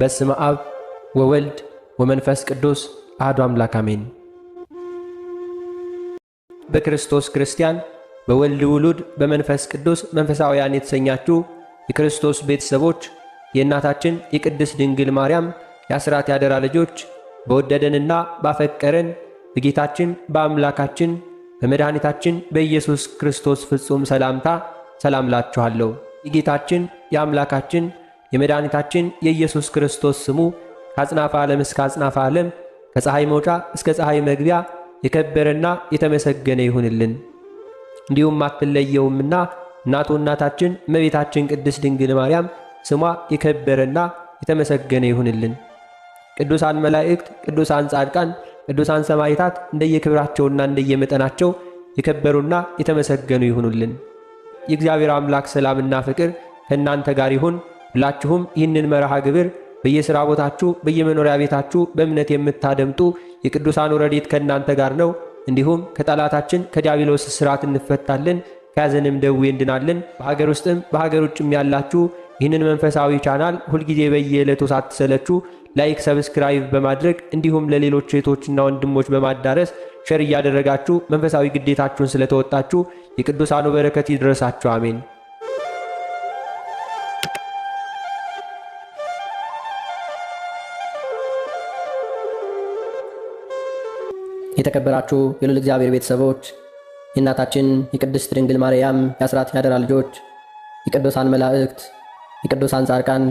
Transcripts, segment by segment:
በስመ አብ ወወልድ ወመንፈስ ቅዱስ አሐዱ አምላክ አሜን። በክርስቶስ ክርስቲያን በወልድ ውሉድ በመንፈስ ቅዱስ መንፈሳውያን የተሰኛችሁ የክርስቶስ ቤተሰቦች የእናታችን የቅድስት ድንግል ማርያም የአስራት ያደራ ልጆች በወደደንና ባፈቀረን በጌታችን በአምላካችን በመድኃኒታችን በኢየሱስ ክርስቶስ ፍጹም ሰላምታ ሰላም ላችኋለሁ። የጌታችን የአምላካችን የመድኃኒታችን የኢየሱስ ክርስቶስ ስሙ ከአጽናፈ ዓለም እስከ አጽናፈ ዓለም ከፀሐይ መውጫ እስከ ፀሐይ መግቢያ የከበረና የተመሰገነ ይሁንልን። እንዲሁም አትለየውምና እናቱ እናታችን እመቤታችን ቅድስት ድንግል ማርያም ስሟ የከበረና የተመሰገነ ይሁንልን። ቅዱሳን መላእክት፣ ቅዱሳን ጻድቃን፣ ቅዱሳን ሰማዕታት እንደየክብራቸውና እንደየመጠናቸው የከበሩና የተመሰገኑ ይሁኑልን። የእግዚአብሔር አምላክ ሰላምና ፍቅር ከእናንተ ጋር ይሁን። ሁላችሁም ይህንን መርሃ ግብር በየሥራ ቦታችሁ፣ በየመኖሪያ ቤታችሁ በእምነት የምታደምጡ የቅዱሳኑ ረድኤት ከእናንተ ጋር ነው። እንዲሁም ከጠላታችን ከዲያብሎስ እስራት እንፈታለን፣ ከያዘንም ደዌ እንድናለን። በሀገር ውስጥም በሀገር ውጭም ያላችሁ ይህንን መንፈሳዊ ቻናል ሁልጊዜ በየዕለቱ ሳትሰለችሁ ላይክ፣ ሰብስክራይብ በማድረግ እንዲሁም ለሌሎች እህቶችና ወንድሞች በማዳረስ ሸር እያደረጋችሁ መንፈሳዊ ግዴታችሁን ስለተወጣችሁ የቅዱሳኑ በረከት ይድረሳችሁ። አሜን። የተከበራችሁ የሉል እግዚአብሔር ቤተሰቦች፣ የእናታችን የቅድስት ድንግል ማርያም የአስራት ያደራ ልጆች፣ የቅዱሳን መላእክት፣ የቅዱሳን ጻድቃን፣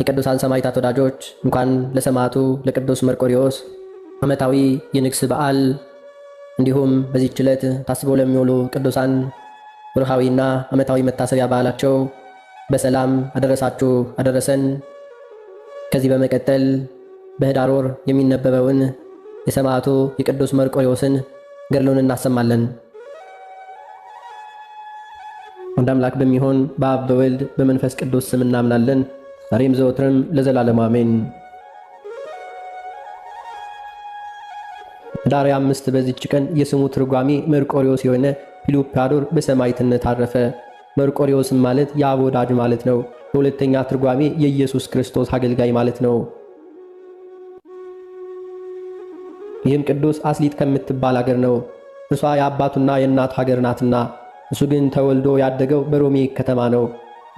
የቅዱሳን ሰማዕታት ወዳጆች እንኳን ለሰማዕቱ ለቅዱስ መርቆሪዎስ ዓመታዊ የንግሥ በዓል እንዲሁም በዚህች ዕለት ታስበው ለሚውሉ ቅዱሳን ወርሃዊና ዓመታዊ መታሰቢያ በዓላቸው በሰላም አደረሳችሁ አደረሰን። ከዚህ በመቀጠል በህዳር ወር የሚነበበውን የሰማዕቱ የቅዱስ መርቆሪዎስን ገድሉን እናሰማለን። አንድ አምላክ በሚሆን በአብ በወልድ በመንፈስ ቅዱስ ስም እናምናለን። ዛሬም ዘወትርም ለዘላለም አሜን። ዳር አምስት በዚች ቀን የስሙ ትርጓሜ መርቆሪዎስ የሆነ ፊሉፓዶር በሰማዕትነት አረፈ። መርቆሪዎስም ማለት የአብ ወዳጅ ማለት ነው። በሁለተኛ ትርጓሜ የኢየሱስ ክርስቶስ አገልጋይ ማለት ነው። ይህም ቅዱስ አስሊት ከምትባል አገር ነው። እርሷ የአባቱና የእናቱ ሀገር ናትና፣ እሱ ግን ተወልዶ ያደገው በሮሜ ከተማ ነው።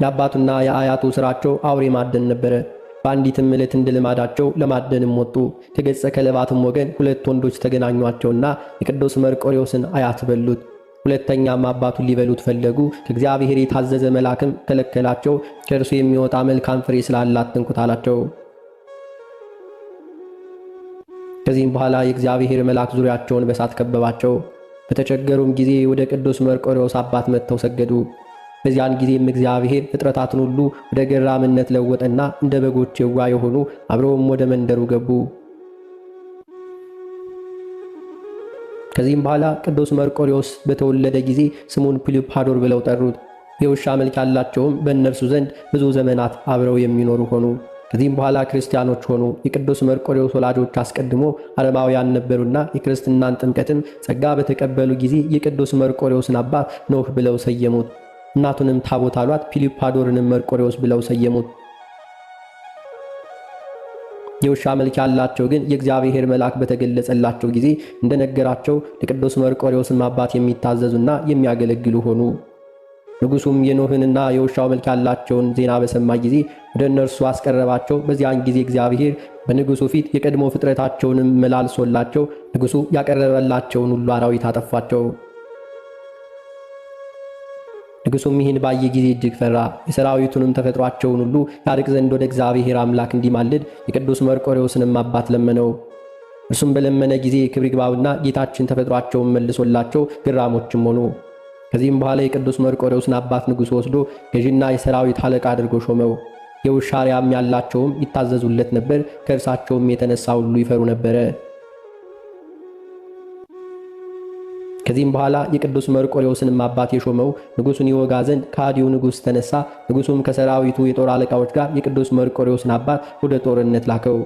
የአባቱና የአያቱ ሥራቸው አውሬ ማደን ነበረ። በአንዲትም ዕለት እንደ ልማዳቸው ለማደንም ወጡ። ከገጸ ከለባትም ወገን ሁለት ወንዶች ተገናኟቸውና የቅዱስ መርቆሬዎስን አያት በሉት። ሁለተኛም አባቱን ሊበሉት ፈለጉ። ከእግዚአብሔር የታዘዘ መልአክም ከለከላቸው። ከእርሱ የሚወጣ መልካም ፍሬ ስላላት ትንኩት አላቸው። ከዚህም በኋላ የእግዚአብሔር መልአክ ዙሪያቸውን በእሳት ከበባቸው። በተቸገሩም ጊዜ ወደ ቅዱስ መርቆሬዎስ አባት መጥተው ሰገዱ። በዚያን ጊዜም እግዚአብሔር ፍጥረታትን ሁሉ ወደ ገራምነት ለወጠና እንደ በጎች የዋ የሆኑ አብረውም ወደ መንደሩ ገቡ። ከዚህም በኋላ ቅዱስ መርቆሬዎስ በተወለደ ጊዜ ስሙን ፒሉፓዶር ብለው ጠሩት። የውሻ መልክ ያላቸውም በእነርሱ ዘንድ ብዙ ዘመናት አብረው የሚኖሩ ሆኑ። ከዚህም በኋላ ክርስቲያኖች ሆኑ። የቅዱስ መርቆሬዎስ ወላጆች አስቀድሞ አረማውያን ነበሩና የክርስትናን ጥምቀትም ጸጋ በተቀበሉ ጊዜ የቅዱስ መርቆሬዎስን አባት ኖህ ብለው ሰየሙት። እናቱንም ታቦት አሏት። ፒሊፓዶርንም መርቆሬዎስ ብለው ሰየሙት። የውሻ መልክ ያላቸው ግን የእግዚአብሔር መልአክ በተገለጸላቸው ጊዜ እንደነገራቸው ለቅዱስ መርቆሬዎስም አባት የሚታዘዙና የሚያገለግሉ ሆኑ። ንጉሱም የኖህንና የውሻው መልክ ያላቸውን ዜና በሰማ ጊዜ ወደ እነርሱ አስቀረባቸው። በዚያን ጊዜ እግዚአብሔር በንጉሱ ፊት የቀድሞ ፍጥረታቸውንም መላልሶላቸው ንጉሱ ያቀረበላቸውን ሁሉ አራዊት አጠፏቸው። ንጉሱም ይህን ባየ ጊዜ እጅግ ፈራ። የሰራዊቱንም ተፈጥሯቸውን ሁሉ ያርቅ ዘንድ ወደ እግዚአብሔር አምላክ እንዲማልድ የቅዱስ መርቆሬዎስንም አባት ለመነው። እርሱም በለመነ ጊዜ ክብር ይግባውና ጌታችን ተፈጥሯቸውን መልሶላቸው ግራሞችም ሆኑ። ከዚህም በኋላ የቅዱስ መርቆሬዎስን አባት ንጉሥ ወስዶ ገዢና የሰራዊት አለቃ አድርጎ ሾመው። የውሻ ያላቸውም ይታዘዙለት ነበር። ከእርሳቸውም የተነሳ ሁሉ ይፈሩ ነበረ። ከዚህም በኋላ የቅዱስ መርቆሬዎስንም አባት የሾመው ንጉሡን ይወጋ ዘንድ ከሃዲው ንጉሥ ተነሳ። ንጉሱም ከሰራዊቱ የጦር አለቃዎች ጋር የቅዱስ መርቆሬዎስን አባት ወደ ጦርነት ላከው።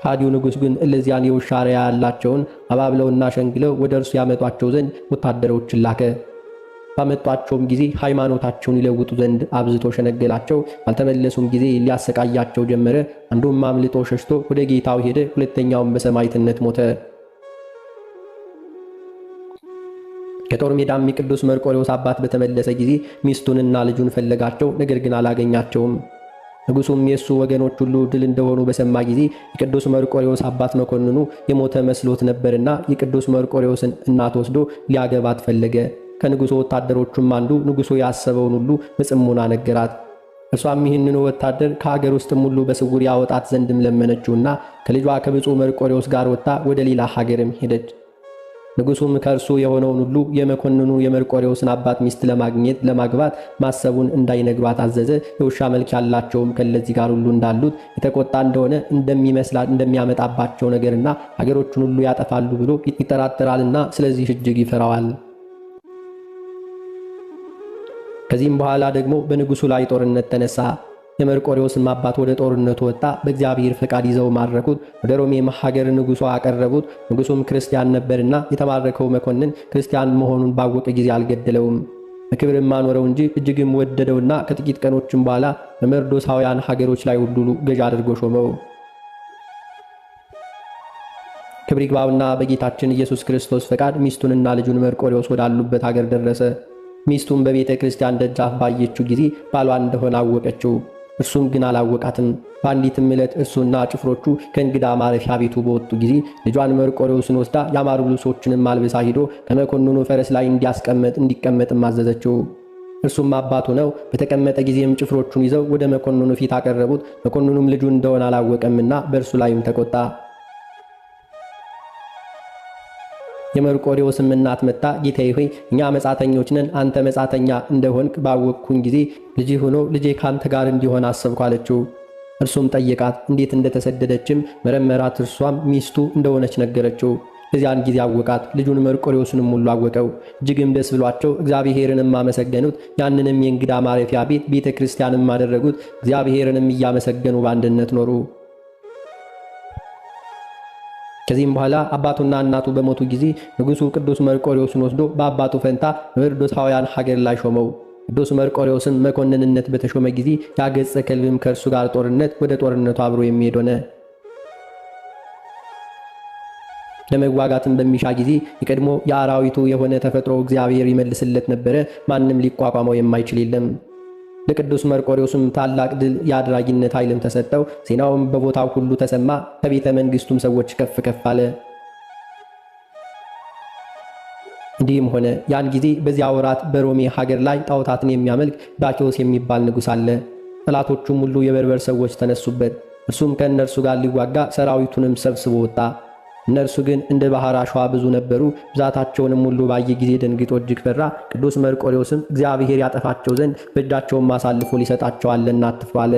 ከሃዲው ንጉሥ ግን እለዚያን የውሻ ያላቸውን አባብለውና ሸንግለው ወደ እርሱ ያመጧቸው ዘንድ ወታደሮችን ላከ። ባመጧቸውም ጊዜ ሃይማኖታቸውን ይለውጡ ዘንድ አብዝቶ ሸነገላቸው። ባልተመለሱም ጊዜ ሊያሰቃያቸው ጀመረ። አንዱም አምልጦ ሸሽቶ ወደ ጌታው ሄደ። ሁለተኛውም በሰማዕትነት ሞተ። ከጦር ሜዳም የቅዱስ መርቆሬዎስ አባት በተመለሰ ጊዜ ሚስቱንና ልጁን ፈለጋቸው፣ ነገር ግን አላገኛቸውም። ንጉሱም የእሱ ወገኖች ሁሉ ድል እንደሆኑ በሰማ ጊዜ የቅዱስ መርቆሬዎስ አባት መኮንኑ የሞተ መስሎት ነበርና የቅዱስ መርቆሬዎስን እናት ወስዶ ሊያገባት ፈለገ። ከንጉሡ ወታደሮቹም አንዱ ንጉሡ ያሰበውን ሁሉ በጽሞና ነገራት። እርሷም ይህንኑ ወታደር ከአገር ውስጥም ሁሉ በስውር ያወጣት ዘንድም ለመነችውና ከልጇ ከብፁዕ መርቆሬዎስ ጋር ወጥታ ወደ ሌላ ሀገርም ሄደች። ንጉሡም ከእርሱ የሆነውን ሁሉ የመኮንኑ የመርቆሬዎስን አባት ሚስት ለማግኘት ለማግባት ማሰቡን እንዳይነግሯት አዘዘ። የውሻ መልክ ያላቸውም ከለዚህ ጋር ሁሉ እንዳሉት የተቆጣ እንደሆነ እንደሚመስላት እንደሚያመጣባቸው ነገርና አገሮቹን ሁሉ ያጠፋሉ ብሎ ይጠራጠራልና ስለዚህ እጅግ ይፈራዋል። ከዚህም በኋላ ደግሞ በንጉሡ ላይ ጦርነት ተነሳ። የመርቆሬዎስም አባት ወደ ጦርነቱ ወጣ። በእግዚአብሔር ፈቃድ ይዘው ማረኩት። ወደ ሮሜ ሀገር ንጉሡ አቀረቡት። ንጉሡም ክርስቲያን ነበርና የተማረከው መኮንን ክርስቲያን መሆኑን ባወቀ ጊዜ አልገደለውም፣ በክብርም አኖረው እንጂ እጅግም ወደደውና ከጥቂት ቀኖችም በኋላ በመርዶሳውያን ሀገሮች ላይ ሁሉ ገዥ አድርጎ ሾመው። ክብር ይግባውና በጌታችን ኢየሱስ ክርስቶስ ፈቃድ ሚስቱንና ልጁን መርቆሬዎስ ወዳሉበት ሀገር ደረሰ። ሚስቱን በቤተ ክርስቲያን ደጃፍ ባየችው ጊዜ ባሏ እንደሆነ አወቀችው። እርሱም ግን አላወቃትም። በአንዲትም ዕለት እርሱና ጭፍሮቹ ከእንግዳ ማረፊያ ቤቱ በወጡ ጊዜ ልጇን መርቆሬዎስን ወስዳ ያማሩ ልብሶችንም አልብሳ ሂዶ ከመኮንኑ ፈረስ ላይ እንዲያስቀመጥ እንዲቀመጥም አዘዘችው። እርሱም አባቱ ነው። በተቀመጠ ጊዜም ጭፍሮቹን ይዘው ወደ መኮንኑ ፊት አቀረቡት። መኮንኑም ልጁ እንደሆነ አላወቀምና በእርሱ ላይም ተቆጣ። የመርቆሪዎስም እናት መጣ ጌታዬ ሆይ እኛ መጻተኞች ነን፣ አንተ መጻተኛ እንደሆንክ ባወቅኩኝ ጊዜ ልጅ ሆኖ ልጄ ካንተ ጋር እንዲሆን አሰብኩ አለችው። እርሱም ጠየቃት፣ እንዴት እንደተሰደደችም መረመራት። እርሷም ሚስቱ እንደሆነች ነገረችው። እዚያን ጊዜ አወቃት፣ ልጁን መርቆሬዎስንም ሁሉ አወቀው። እጅግም ደስ ብሏቸው እግዚአብሔርንም አመሰገኑት። ያንንም የእንግዳ ማረፊያ ቤት ቤተ ክርስቲያንም አደረጉት። እግዚአብሔርንም እያመሰገኑ በአንድነት ኖሩ። ከዚህም በኋላ አባቱና እናቱ በሞቱ ጊዜ ንጉሱ ቅዱስ መርቆሪዎስን ወስዶ በአባቱ ፈንታ በርዶሳውያን ሀገር ላይ ሾመው። ቅዱስ መርቆሪዎስን መኮንንነት በተሾመ ጊዜ ያገጸ ከልብም ከእርሱ ጋር ጦርነት ወደ ጦርነቱ አብሮ የሚሄድ ሆነ። ለመዋጋትም በሚሻ ጊዜ የቀድሞ የአራዊቱ የሆነ ተፈጥሮ እግዚአብሔር ይመልስለት ነበረ። ማንም ሊቋቋመው የማይችል የለም። ለቅዱስ መርቆሬዎስም ታላቅ ድል የአድራጊነት ኃይልም ተሰጠው። ዜናውም በቦታው ሁሉ ተሰማ። ከቤተ መንግሥቱም ሰዎች ከፍ ከፍ አለ። እንዲህም ሆነ ያን ጊዜ በዚያ ወራት በሮሜ ሀገር ላይ ጣዖታትን የሚያመልክ ዳኪዎስ የሚባል ንጉሥ አለ። ጠላቶቹም ሁሉ የበርበር ሰዎች ተነሱበት። እርሱም ከእነርሱ ጋር ሊዋጋ ሰራዊቱንም ሰብስቦ ወጣ። እነርሱ ግን እንደ ባህር አሸዋ ብዙ ነበሩ። ብዛታቸውንም ሁሉ ባየ ጊዜ ደንግጦ እጅግ ፈራ። ቅዱስ መርቆሬዎስም እግዚአብሔር ያጠፋቸው ዘንድ በእጃቸውም አሳልፎ ሊሰጣቸዋለና አትፍሩ አለ።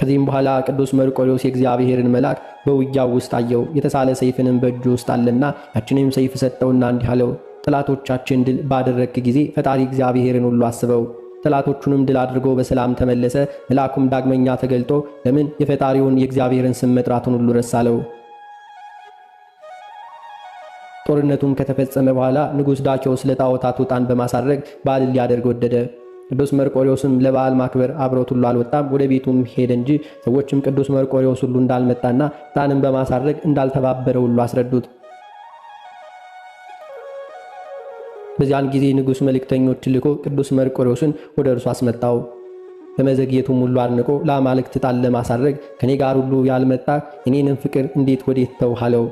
ከዚህም በኋላ ቅዱስ መርቆሬዎስ የእግዚአብሔርን መልአክ በውጊያው ውስጥ አየው። የተሳለ ሰይፍንም በእጁ ውስጥ አለና ያችንም ሰይፍ ሰጠውና እንዲህ አለው፣ ጠላቶቻችን ድል ባደረግክ ጊዜ ፈጣሪ እግዚአብሔርን ሁሉ አስበው ጠላቶቹንም ድል አድርጎ በሰላም ተመለሰ። መልአኩም ዳግመኛ ተገልጦ ለምን የፈጣሪውን የእግዚአብሔርን ስም መጥራቱን ሁሉ ረሳለው? ጦርነቱም ከተፈጸመ በኋላ ንጉሥ ዳኪዎስ ለጣዖታት ውጣን በማሳረግ በዓል ሊያደርግ ወደደ። ቅዱስ መርቆሪዎስም ለበዓል ማክበር አብሮት ሁሉ አልወጣም፣ ወደ ቤቱም ሄደ እንጂ ሰዎችም ቅዱስ መርቆሪዎስ ሁሉ እንዳልመጣና ዕጣንም በማሳረግ እንዳልተባበረ ሁሉ አስረዱት። በዚያን ጊዜ ንጉሥ መልእክተኞች ልኮ ቅዱስ መርቆሬዎስን ወደ እርሱ አስመጣው። በመዘግየቱም ሁሉ አድንቆ ለአማልክት ጣል ለማሳረግ ከኔ ጋር ሁሉ ያልመጣ እኔንም ፍቅር እንዴት ወዴት ተውህ አለው።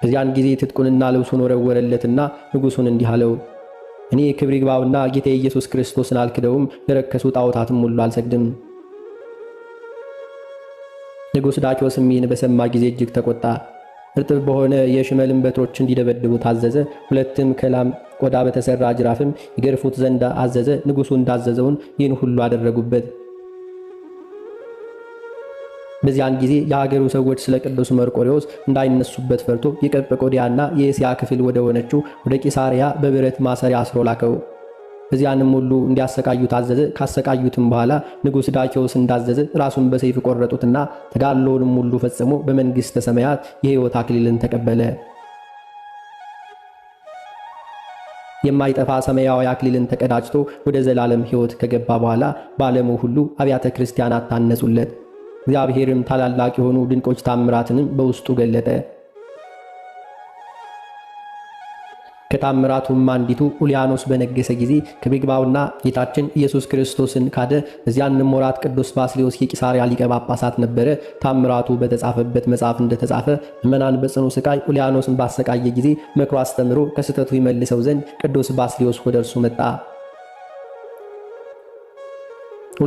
በዚያን ጊዜ ትጥቁንና ልብሱን ወረወረለትና ንጉሡን እንዲህ አለው እኔ ክብር ይግባውና ጌታ ኢየሱስ ክርስቶስን አልክደውም፣ ለረከሱ ጣዖታትም ሁሉ አልሰግድም። ንጉሥ ዳኪዎስም ይህን በሰማ ጊዜ እጅግ ተቆጣ። እርጥብ በሆነ የሽመልም በትሮች እንዲደበድቡ ታዘዘ። ሁለትም ከላም ቆዳ በተሰራ ጅራፍም ይገርፉት ዘንድ አዘዘ። ንጉሱ እንዳዘዘውን ይህን ሁሉ አደረጉበት። በዚያን ጊዜ የሀገሩ ሰዎች ስለ ቅዱስ መርቆሬዎስ እንዳይነሱበት ፈርቶ የቀጵቆዲያና የእስያ ክፍል ወደ ሆነችው ወደ ቂሳሪያ በብረት ማሰሪያ አስሮ ላከው። እዚያንም ሁሉ እንዲያሰቃዩት አዘዘ ካሰቃዩትም በኋላ ንጉሥ ዳኪዎስ እንዳዘዘ ራሱን በሰይፍ ቆረጡትና ተጋድሎውንም ሁሉ ፈጽሞ በመንግሥተ ሰማያት የሕይወት አክሊልን ተቀበለ። የማይጠፋ ሰማያዊ አክሊልን ተቀዳጅቶ ወደ ዘላለም ሕይወት ከገባ በኋላ በዓለሙ ሁሉ አብያተ ክርስቲያናት ታነጹለት። እግዚአብሔርም ታላላቅ የሆኑ ድንቆች ታምራትንም በውስጡ ገለጠ። ከታምራቱም አንዲቱ ኡልያኖስ በነገሰ ጊዜ ከቤግባውና ጌታችን ኢየሱስ ክርስቶስን ካደ። በዚያንም ወራት ቅዱስ ባስሌዎስ የቂሳርያ ሊቀ ጳጳሳት ነበረ። ታምራቱ በተጻፈበት መጽሐፍ እንደተጻፈ ምእመናን በጽኑ ስቃይ ኡልያኖስን ባሰቃየ ጊዜ መክሮ አስተምሮ ከስህተቱ ይመልሰው ዘንድ ቅዱስ ባስሌዎስ ወደ እርሱ መጣ።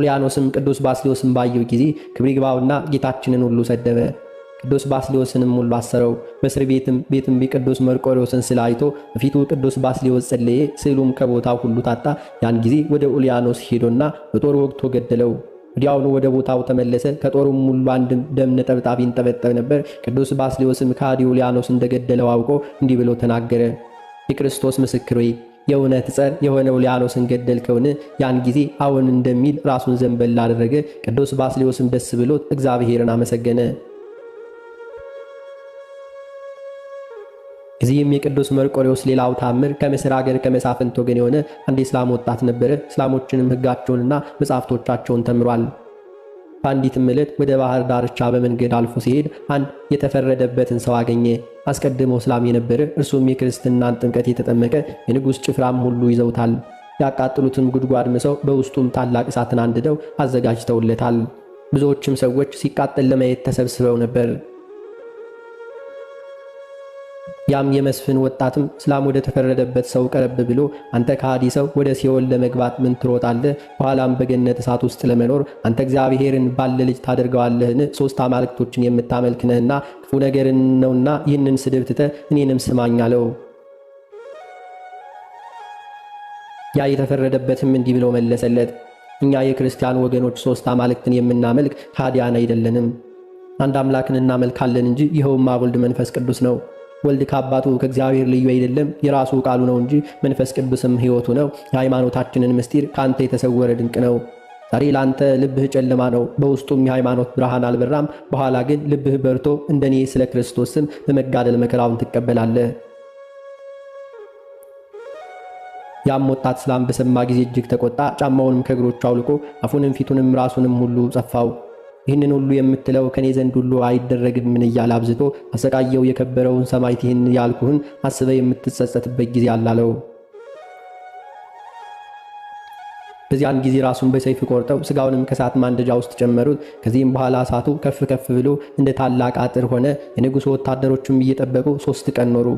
ኡልያኖስም ቅዱስ ባስሌዎስን ባየው ጊዜ ክብሪግባውና ጌታችንን ሁሉ ሰደበ። ቅዱስ ባስልዮስንም ሙሉ አሰረው። በእስር ቤትም ቤትም ቅዱስ መርቆሪዎስን ስላይቶ በፊቱ ቅዱስ ባስልዮስ ጸለየ። ስዕሉም ከቦታው ሁሉ ታጣ። ያን ጊዜ ወደ ኡልያኖስ ሄዶና በጦር ወግቶ ገደለው። ወዲያውኑ ወደ ቦታው ተመለሰ። ከጦሩም ሙሉ አንድ ደም ነጠብጣብ ይንጠበጠብ ነበር። ቅዱስ ባስልዮስም ከሃዲ ኡልያኖስ እንደገደለው አውቆ እንዲህ ብሎ ተናገረ። የክርስቶስ ምስክር ወይ የእውነት ጸር የሆነ ኡልያኖስን ገደልከውን? ያን ጊዜ አሁን እንደሚል ራሱን ዘንበል አደረገ። ቅዱስ ባስልዮስም ደስ ብሎት እግዚአብሔርን አመሰገነ። እዚህም የቅዱስ መርቆሪዎስ ሌላው ታምር ከምስር ሀገር ከመሳፍንት ወገን የሆነ አንድ እስላም ወጣት ነበረ። እስላሞችንም ሕጋቸውንና መጻሕፍቶቻቸውን ተምሯል። በአንዲትም ዕለት ወደ ባህር ዳርቻ በመንገድ አልፎ ሲሄድ አንድ የተፈረደበትን ሰው አገኘ። አስቀድሞ እስላም የነበረ እርሱም የክርስትናን ጥምቀት የተጠመቀ የንጉሥ ጭፍራም ሁሉ ይዘውታል። ያቃጥሉትም ጉድጓድ ምሰው በውስጡም ታላቅ እሳትን አንድደው አዘጋጅተውለታል። ብዙዎችም ሰዎች ሲቃጠል ለማየት ተሰብስበው ነበር። ያም የመስፍን ወጣትም እስላም ወደ ተፈረደበት ሰው ቀረብ ብሎ አንተ ከሃዲ ሰው ወደ ሲኦል ለመግባት ምን ትሮጣለህ? በኋላም በገነት እሳት ውስጥ ለመኖር አንተ እግዚአብሔርን ባለ ልጅ ታደርገዋለህን? ሶስት አማልክቶችን የምታመልክ ነህና ክፉ ነገርን ነውና ይህንን ስድብ ትተህ እኔንም ስማኝ አለው። ያ የተፈረደበትም እንዲህ ብሎ መለሰለት፣ እኛ የክርስቲያን ወገኖች ሶስት አማልክትን የምናመልክ ከሃዲያን አይደለንም። አንድ አምላክን እናመልካለን እንጂ ይኸውም አብ፣ ወልድ፣ መንፈስ ቅዱስ ነው። ወልድ ከአባቱ ከእግዚአብሔር ልዩ አይደለም፣ የራሱ ቃሉ ነው እንጂ መንፈስ ቅዱስም ሕይወቱ ነው። የሃይማኖታችንን ምስጢር ከአንተ የተሰወረ ድንቅ ነው። ዛሬ ለአንተ ልብህ ጨለማ ነው፣ በውስጡም የሃይማኖት ብርሃን አልበራም። በኋላ ግን ልብህ በርቶ እንደኔ ስለ ክርስቶስ ስም በመጋደል መከራውን ትቀበላለህ። ያም ወጣት ስላም በሰማ ጊዜ እጅግ ተቆጣ። ጫማውንም ከእግሮቹ አውልቆ አፉንም ፊቱንም ራሱንም ሁሉ ጸፋው። ይህንን ሁሉ የምትለው ከኔ ዘንድ ሁሉ አይደረግምን እያለ አብዝቶ አሰቃየው። የከበረውን ሰማዕት ይህን ያልኩህን አስበ የምትጸጸትበት ጊዜ አላለው። በዚያን ጊዜ ራሱን በሰይፍ ቆርጠው ስጋውንም ከእሳት ማንደጃ ውስጥ ጨመሩት። ከዚህም በኋላ እሳቱ ከፍ ከፍ ብሎ እንደ ታላቅ አጥር ሆነ። የንጉሱ ወታደሮቹም እየጠበቁ ሶስት ቀን ኖሩ።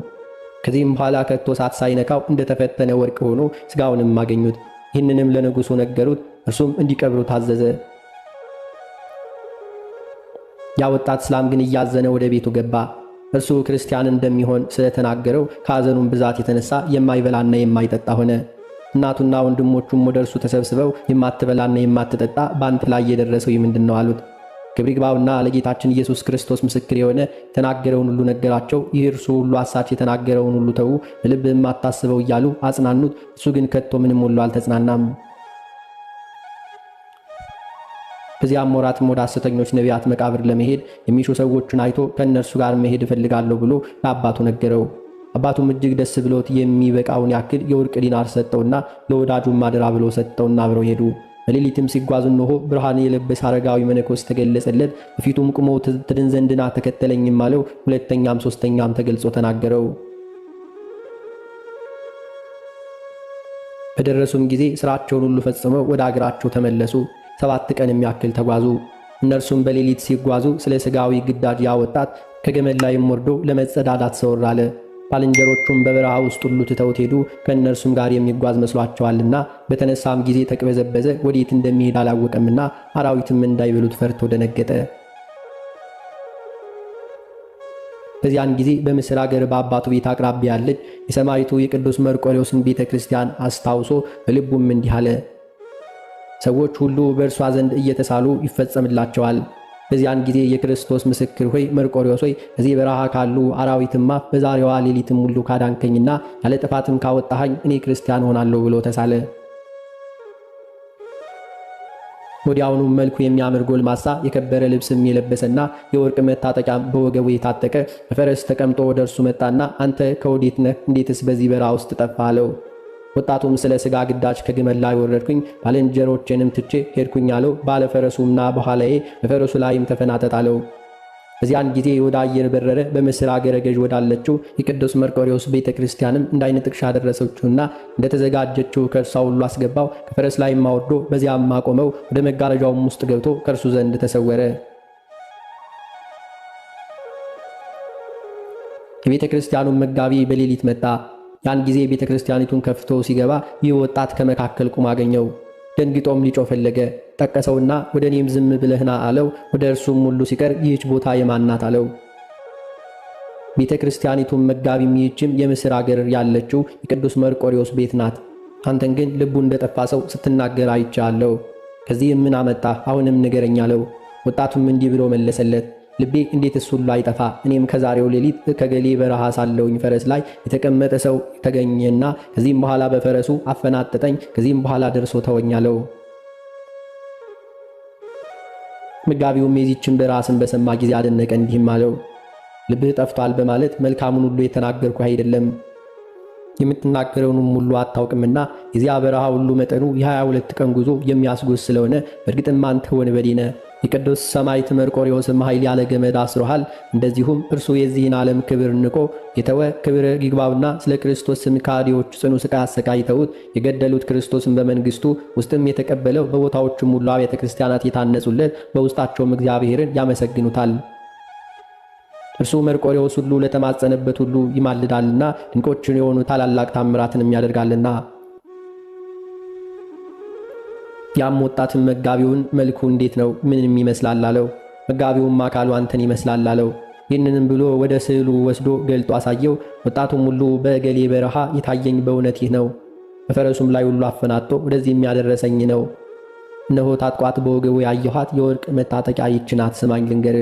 ከዚህም በኋላ ከቶ እሳት ሳይነካው እንደተፈተነ ወርቅ ሆኖ ስጋውንም አገኙት። ይህንንም ለንጉሱ ነገሩት። እርሱም እንዲቀብሩ ታዘዘ። ያ ወጣት ስላም ግን እያዘነ ወደ ቤቱ ገባ። እርሱ ክርስቲያን እንደሚሆን ስለተናገረው ከሐዘኑም ብዛት የተነሳ የማይበላና የማይጠጣ ሆነ። እናቱና ወንድሞቹም ወደ እርሱ ተሰብስበው የማትበላና የማትጠጣ በአንተ ላይ የደረሰው ምንድን ነው አሉት። ግብር ግባውና ለጌታችን ኢየሱስ ክርስቶስ ምስክር የሆነ የተናገረውን ሁሉ ነገራቸው። ይህ እርሱ ሁሉ አሳች የተናገረውን ሁሉ ተዉ፣ ልብ የማታስበው እያሉ አጽናኑት። እሱ ግን ከቶ ምንም ሁሉ አልተጽናናም። ከዚያም ወራትም ወደ ሐሰተኞች ነቢያት መቃብር ለመሄድ የሚሹ ሰዎችን አይቶ ከእነርሱ ጋር መሄድ እፈልጋለሁ ብሎ ለአባቱ ነገረው። አባቱም እጅግ ደስ ብሎት የሚበቃውን ያክል የወርቅ ዲናር ሰጠውና ለወዳጁም ማደራ ብሎ ሰጠውና አብረው ሄዱ። በሌሊትም ሲጓዝ እነሆ ብርሃን የለበሰ አረጋዊ መነኮስ ተገለጸለት። በፊቱም ቁሞ ትድን ዘንድና ተከተለኝም አለው። ሁለተኛም ሶስተኛም ተገልጾ ተናገረው። በደረሱም ጊዜ ስራቸውን ሁሉ ፈጽመው ወደ አገራቸው ተመለሱ። ሰባት ቀን የሚያክል ተጓዙ። እነርሱም በሌሊት ሲጓዙ ስለ ሥጋዊ ግዳጅ ያ ወጣት ከገመድ ላይም ወርዶ ለመጸዳዳት ሰወር አለ። ባልንጀሮቹም በበረሃ ውስጥ ሁሉ ትተውት ሄዱ፣ ከእነርሱም ጋር የሚጓዝ መስሏቸዋልና። በተነሳም ጊዜ ተቅበዘበዘ፣ ወዴት እንደሚሄድ አላወቀምና፣ አራዊትም እንዳይበሉት ፈርቶ ደነገጠ። በዚያን ጊዜ በምስር አገር በአባቱ ቤት አቅራቢያ ያለች የሰማሪቱ የቅዱስ መርቆሬዎስን ቤተ ክርስቲያን አስታውሶ በልቡም እንዲህ አለ ሰዎች ሁሉ በእርሷ ዘንድ እየተሳሉ ይፈጸምላቸዋል። በዚያን ጊዜ የክርስቶስ ምስክር ሆይ መርቆሪዎስ ሆይ እዚህ በረሃ ካሉ አራዊትማ በዛሬዋ ሌሊትም ሁሉ ካዳንከኝና ያለ ጥፋትም ካወጣኸኝ እኔ ክርስቲያን ሆናለሁ ብሎ ተሳለ። ወዲያውኑም መልኩ የሚያምር ጎልማሳ የከበረ ልብስም የለበሰና የወርቅ መታጠቂያም በወገቡ የታጠቀ በፈረስ ተቀምጦ ወደ እርሱ መጣና አንተ ከወዴት ነህ? እንዴትስ በዚህ በረሃ ውስጥ ጠፋ? አለው። ወጣቱም ስለ ስጋ ግዳጅ ከግመል ላይ ወረድኩኝ ባልንጀሮቼንም ትቼ ሄድኩኝ አለው። ባለፈረሱና በኋላዬ በፈረሱ ላይም ተፈናጠጣለው። በዚያን ጊዜ ወደ አየር በረረ። በምስር አገረ ገዥ ወዳለችው የቅዱስ መርቆሪዎስ ቤተ ክርስቲያንም እንደ አይነ አደረሰችውና እንደተዘጋጀችው ከእርሷ ሁሉ አስገባው። ከፈረስ ላይም አወርዶ በዚያም አቆመው። ወደ መጋረጃውም ውስጥ ገብቶ ከእርሱ ዘንድ ተሰወረ። የቤተ ክርስቲያኑም መጋቢ በሌሊት መጣ። ያን ጊዜ ቤተ ክርስቲያኒቱን ከፍቶ ሲገባ ይህ ወጣት ከመካከል ቁም አገኘው። ደንግጦም ሊጮ ፈለገ። ጠቀሰውና ወደ እኔም ዝም ብለህና አለው። ወደ እርሱም ሁሉ ሲቀር ይህች ቦታ የማናት አለው። ቤተ ክርስቲያኒቱን መጋቢም ይህችም የምስር አገር ያለችው የቅዱስ መርቆሪዎስ ቤት ናት። አንተን ግን ልቡ እንደጠፋ ሰው ስትናገር አይቻለሁ። ከዚህ ምን አመጣ አሁንም ንገረኝ አለው። ወጣቱም እንዲህ ብሎ መለሰለት ልቤ እንዴት ሁሉ አይጠፋ? እኔም ከዛሬው ሌሊት ከገሌ በረሃ ሳለውኝ ፈረስ ላይ የተቀመጠ ሰው ተገኘና ከዚህም በኋላ በፈረሱ አፈናጠጠኝ፣ ከዚህም በኋላ ደርሶ ተወኛለው። መጋቢውም የዚችን በራስን በሰማ ጊዜ አደነቀ፣ እንዲህም አለው ልብህ ጠፍቷል በማለት መልካሙን ሁሉ የተናገርኩ አይደለም የምትናገረውንም ሁሉ አታውቅምና የዚያ በረሃ ሁሉ መጠኑ የ22 ቀን ጉዞ የሚያስጎዝ ስለሆነ በእርግጥም አንተ ወንበዴ ነህ። የቅዱስ ሰማዕት መርቆሬዎስም ኃይል ያለ ገመድ አስሮሃል። እንደዚሁም እርሱ የዚህን ዓለም ክብር ንቆ የተወ ክብር ይግባውና ስለ ክርስቶስም ካዲዎች ጽኑ ስቃይ አሰቃይተውት የገደሉት ክርስቶስን በመንግስቱ ውስጥም የተቀበለው በቦታዎቹም ሁሉ አብያተ ክርስቲያናት የታነጹለት በውስጣቸውም እግዚአብሔርን ያመሰግኑታል። እርሱ መርቆሬዎስ ሁሉ ለተማጸነበት ሁሉ ይማልዳልና ድንቆችን የሆኑ ታላላቅ ታምራትንም ያደርጋልና ያም ወጣትን መጋቢውን መልኩ እንዴት ነው? ምንም ይመስላል አለው። መጋቢውም አካሉ አንተን ይመስላል አለው። ይህንንም ብሎ ወደ ስዕሉ ወስዶ ገልጦ አሳየው። ወጣቱም ሁሉ በእገሌ በረሃ የታየኝ በእውነት ይህ ነው፣ በፈረሱም ላይ ሁሉ አፈናጦ ወደዚህ የሚያደረሰኝ ነው። እነሆ ታጥቋት በወገቡ ያየኋት የወርቅ መታጠቂያ ይህች ናት። ስማኝ ልንገር፣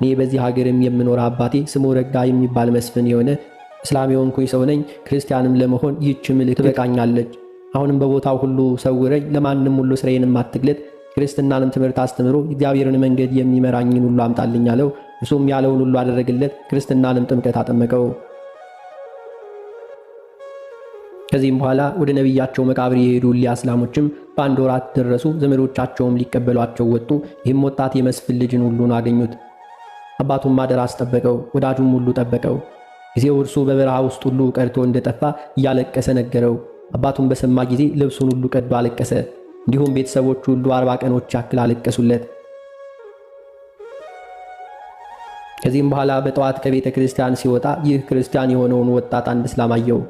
እኔ በዚህ ሀገርም የምኖር አባቴ ስሙ ረጋ የሚባል መስፍን የሆነ እስላም የሆንኩኝ ሰው ነኝ። ክርስቲያንም ለመሆን ይህች ምልክት ትበቃኛለች። አሁንም በቦታው ሁሉ ሰውረኝ፣ ለማንም ሁሉ ስራዬንም አትግለጥ፣ ክርስትናንም ትምህርት አስተምሮ እግዚአብሔርን መንገድ የሚመራኝን ሁሉ አምጣልኝ አለው። እሱም ያለውን ሁሉ አደረገለት፣ ክርስትናንም ጥምቀት አጠመቀው። ከዚህም በኋላ ወደ ነቢያቸው መቃብር የሄዱ እሊያ እስላሞችም በአንድ ወራት ደረሱ። ዘመዶቻቸውም ሊቀበሏቸው ወጡ። ይህም ወጣት የመስፍን ልጅን ሁሉን አገኙት። አባቱም ማደር አስጠበቀው፣ ወዳጁም ሁሉ ጠበቀው። ጊዜው እርሱ በበረሃ ውስጥ ሁሉ ቀርቶ እንደጠፋ እያለቀሰ ነገረው። አባቱን በሰማ ጊዜ ልብሱን ሁሉ ቀዶ አለቀሰ። እንዲሁም ቤተሰቦቹ ሁሉ አርባ ቀኖች ያክል አለቀሱለት። ከዚህም በኋላ በጠዋት ከቤተ ክርስቲያን ሲወጣ ይህ ክርስቲያን የሆነውን ወጣት አንድ እስላም አየው።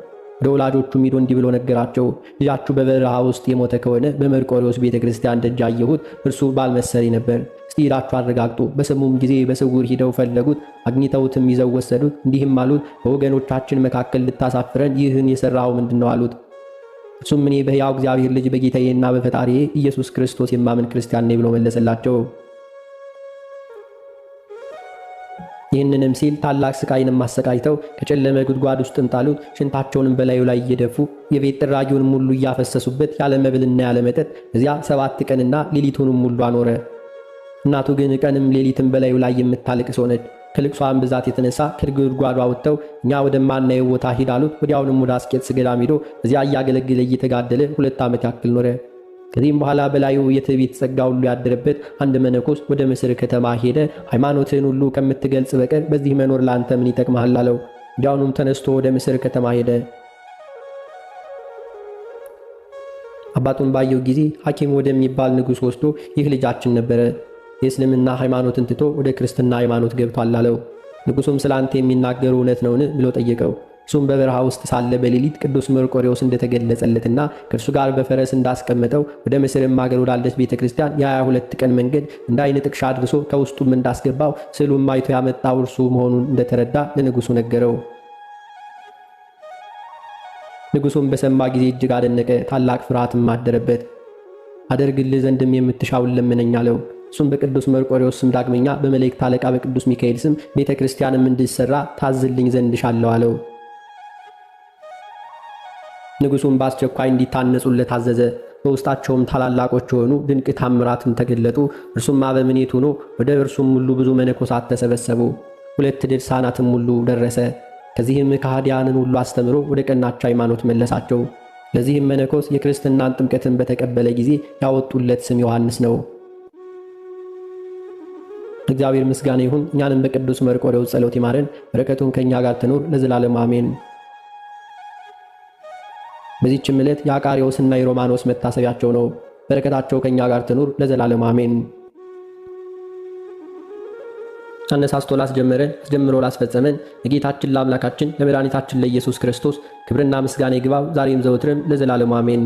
ወደ ወላጆቹም ሂዶ እንዲህ ብሎ ነገራቸው። ልጃችሁ በበረሃ ውስጥ የሞተ ከሆነ በመርቆሪዎስ ቤተ ክርስቲያን ደጅ አየሁት፣ እርሱ ባልመሰሪ ነበር። እስቲ ሂዳችሁ አረጋግጡ። በሰሙም ጊዜ በስውር ሂደው ፈለጉት፣ አግኝተውትም ይዘው ወሰዱት። እንዲህም አሉት፣ በወገኖቻችን መካከል ልታሳፍረን ይህን የሠራኸው ምንድን ነው? አሉት እሱም እኔ በሕያው እግዚአብሔር ልጅ በጌታዬና በፈጣሪ ኢየሱስ ክርስቶስ የማምን ክርስቲያን ነኝ ብሎ መለሰላቸው። ይህንንም ሲል ታላቅ ስቃይንም አሰቃይተው ከጨለመ ጉድጓድ ውስጥም ጣሉት። ሽንታቸውንም በላዩ ላይ እየደፉ የቤት ጥራጊውንም ሙሉ እያፈሰሱበት ያለ መብልና ያለ መጠጥ እዚያ ሰባት ቀንና ሌሊቱንም ሙሉ አኖረ። እናቱ ግን ቀንም ሌሊትም በላዩ ላይ የምታለቅስ ሆነች። ከልቅሷን ብዛት የተነሳ ከጉድጓዱ ወጥተው እኛ ወደማናየው ቦታ ሂድ አሉት። ወዲያውንም ወደ አስቄጥስ ገዳም ሄዶ እዚያ እያገለገለ እየተጋደለ ሁለት ዓመት ያክል ኖረ። ከዚህም በኋላ በላዩ የትዕቢት ጸጋ ሁሉ ያደረበት አንድ መነኮስ ወደ ምስር ከተማ ሄደ። ሃይማኖትህን ሁሉ ከምትገልጽ በቀር በዚህ መኖር ለአንተ ምን ይጠቅመሃል? አለው። እንዲያውኑም ተነስቶ ወደ ምስር ከተማ ሄደ። አባቱን ባየው ጊዜ ሐኪም ወደሚባል ንጉሥ ወስዶ ይህ ልጃችን ነበረ የእስልምና ሃይማኖትን ትቶ ወደ ክርስትና ሃይማኖት ገብቷል አለው። ንጉሱም ስለ አንተ የሚናገሩ እውነት ነውን ብሎ ጠየቀው። እሱም በበረሃ ውስጥ ሳለ በሌሊት ቅዱስ መርቆሬዎስ እንደተገለጸለትና ከእርሱ ጋር በፈረስ እንዳስቀመጠው ወደ ምስርም አገር ወዳለች ቤተ ክርስቲያን ያ ሁለት ቀን መንገድ እንደ ዓይን ጥቅሻ አድርሶ ከውስጡም እንዳስገባው ስዕሉም አይቶ ያመጣው እርሱ መሆኑን እንደተረዳ ለንጉሱ ነገረው። ንጉሱም በሰማ ጊዜ እጅግ አደነቀ፣ ታላቅ ፍርሃትም አደረበት። አደርግልህ ዘንድም የምትሻውን ለምነኝ አለው። እሱም በቅዱስ መርቆሬዎስ ስም ዳግመኛ በመላእክት አለቃ በቅዱስ ሚካኤል ስም ቤተ ክርስቲያንም እንዲሰራ ታዝልኝ ዘንድ ሻለሁ አለው። ንጉሡም በአስቸኳይ እንዲታነጹለት አዘዘ። በውስጣቸውም ታላላቆች የሆኑ ድንቅ ታምራትን ተገለጡ። እርሱም አበምኔት ሆኖ ወደ እርሱም ሁሉ ብዙ መነኮሳት ተሰበሰቡ። ሁለት ድርሳናትም ሁሉ ደረሰ። ከዚህም ካህዲያንን ሁሉ አስተምሮ ወደ ቀናች ሃይማኖት መለሳቸው። ለዚህም መነኮስ የክርስትናን ጥምቀትን በተቀበለ ጊዜ ያወጡለት ስም ዮሐንስ ነው። እግዚአብሔር ምስጋና ይሁን። እኛንም በቅዱስ መርቆሬዎስ ጸሎት ይማረን፣ በረከቱን ከእኛ ጋር ትኑር ለዘላለም አሜን። በዚችም ዕለት የአቃሪዎስና የሮማኖስ መታሰቢያቸው ነው። በረከታቸው ከእኛ ጋር ትኑር ለዘላለም አሜን። አነሳስቶ ላስጀመረን አስጀምሮ ላስፈጸመን ለጌታችን ለአምላካችን ለመድኃኒታችን ለኢየሱስ ክርስቶስ ክብርና ምስጋና ይግባው ዛሬም ዘወትርም ለዘላለም አሜን።